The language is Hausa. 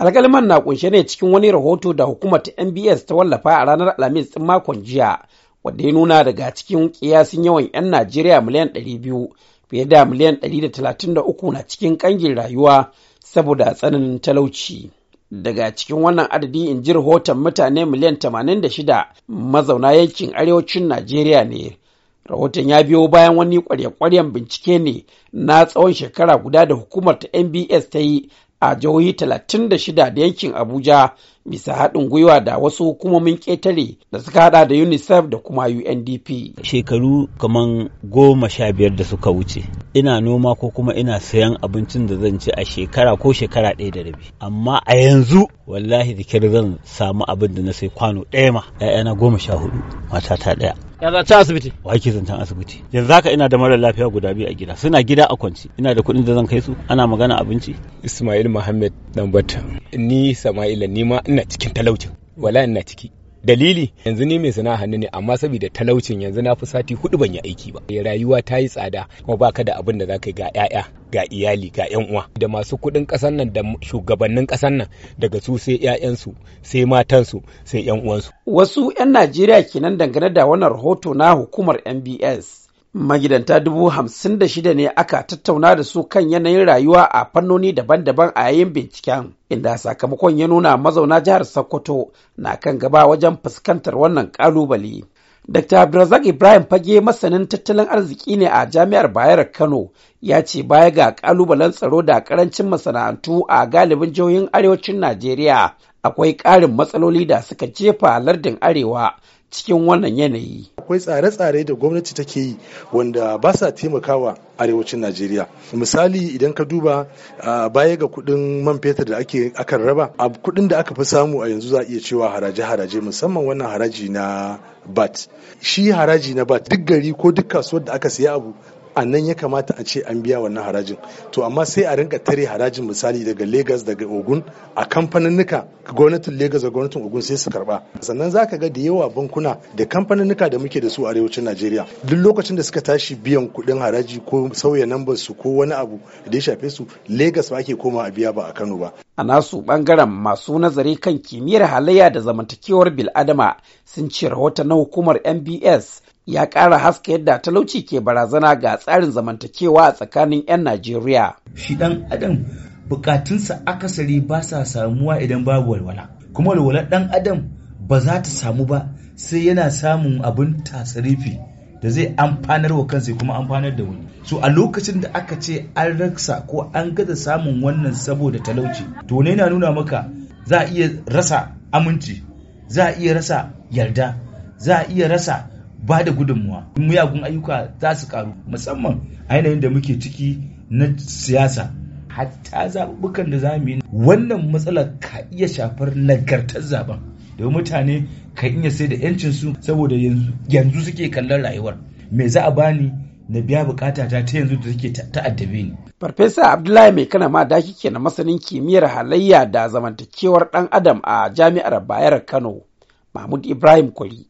alkaliman na kunshe ne cikin wani rahoto da hukumar ta nbs ta wallafa a ranar alhamis ɗin makon jiya wadda ya nuna daga cikin kiyasin yawan 'yan najeriya miliyan 200 fiye da miliyan da 133 na cikin kangin rayuwa saboda tsananin talauci daga cikin wannan adadi in ji rahoton mutane miliyan tamanin da shida, mazauna yankin arewacin najeriya ne rahoton ya biyo bayan wani kwarya-kwaryen bincike ne na tsawon shekara guda da hukumar ta nbs ta yi a jihohi 36 da yankin Abuja bisa haɗin gwiwa da wasu hukumomin ƙetare da suka haɗa da UNICEF da kuma UNDP. Shekaru kamar goma sha biyar da suka wuce, ina noma ko kuma ina sayan abincin da zan ci a shekara ko shekara ɗaya da rabi. Amma a yanzu wallahi da zan samu abin da na sai kwano ɗaya ma, ‘ya'yana goma sha hudu, matata ɗaya. ya za ci asibiti wa yake zancen asibiti yanzu haka ina da mara lafiya guda biyu a gida suna gida a kwanci ina da kuɗin da zan kai su ana magana abinci ismail muhammad dambata ni sama'ila ni ma ina cikin talaucin wala ina ciki dalili yanzu ni mai sana'a hannu ne amma saboda talaucin yanzu na fi sati hudu ban yi aiki ba eh, rayuwa ta yi tsada kuma baka da abin da za ka yi ga 'ya'ya ga iyali ga 'yan uwa da masu kuɗin ƙasar nan da shugabannin ƙasar nan daga su sai 'ya'yansu sai matansu sai 'yan uwansu wasu 'yan najeriya kenan dangane da wannan rahoto na hukumar mbs magidanta dubu hamsin da shida ne aka tattauna da su kan yanayin rayuwa a fannoni daban-daban a yayin binciken inda sakamakon ya nuna mazauna jihar sokoto na kan gaba wajen fuskantar wannan kalubale dr abdulrazak ibrahim fage masanin tattalin arziki ne a jami'ar bayar kano ya ce baya ga kalubalen tsaro da karancin masana'antu a galibin jihohin arewacin najeriya akwai ƙarin matsaloli da suka jefa lardin arewa cikin wannan yanayi. Akwai tsare-tsare da gwamnati take yi wanda ba sa taimakawa arewacin Najeriya. Misali idan ka duba baya ga kuɗin man fetur da ake akan raba, a kuɗin da aka fi samu a yanzu za a iya cewa haraje-haraje musamman wannan haraji na BAT. Shi haraji na BAT duk gari ko duk kasuwar da aka siya abu a nan ya kamata a ce an biya wannan harajin to amma sai a rinka tare harajin misali daga Legas daga Ogun a kamfaninnika gwamnatin Legas da gwamnatin Ogun sai su karba sannan zaka ga da yawa bankuna da kamfaninnuka da muke da su a arewacin Najeriya duk lokacin da suka tashi biyan kuɗin haraji ko sauya nambar su ko wani abu da ya shafe su Legas ba ake koma a biya ba a Kano ba a nasu bangaren masu nazari kan kimiyyar halayya da zamantakewar bil'adama sun ce rahoton na hukumar MBS ya ƙara haska yadda talauci ke barazana ga tsarin zamantakewa a tsakanin 'yan Najeriya. Shi ɗan adam bukatunsa akasari ba sa samuwa idan babu walwala. Kuma walwala ɗan adam ba za ta samu ba sai yana samun abin tasarifi da zai amfanar wa kansa kuma amfanar da wani. So a lokacin da aka ce an raksa ko an gaza samun wannan saboda talauci, to ne na nuna maka za a iya rasa aminci, za a iya rasa yarda, za a iya rasa ba da gudunmuwa muyagun ayyuka za su karu musamman a yanayin da muke ciki na siyasa hatta zaɓuɓɓukan da za mu yi wannan matsalar ka iya shafar nagartar zaben domin mutane ka iya sai da 'yancinsu saboda yanzu suke kallon rayuwar me za a bani na biya bukata ta ta yanzu da suke ta'addabe ni. Farfesa Abdullahi Mai Kana ma daki ke na masanin kimiyyar halayya da zamantakewar ɗan Adam a Jami'ar Bayar Kano, Mahmud Ibrahim Kwari,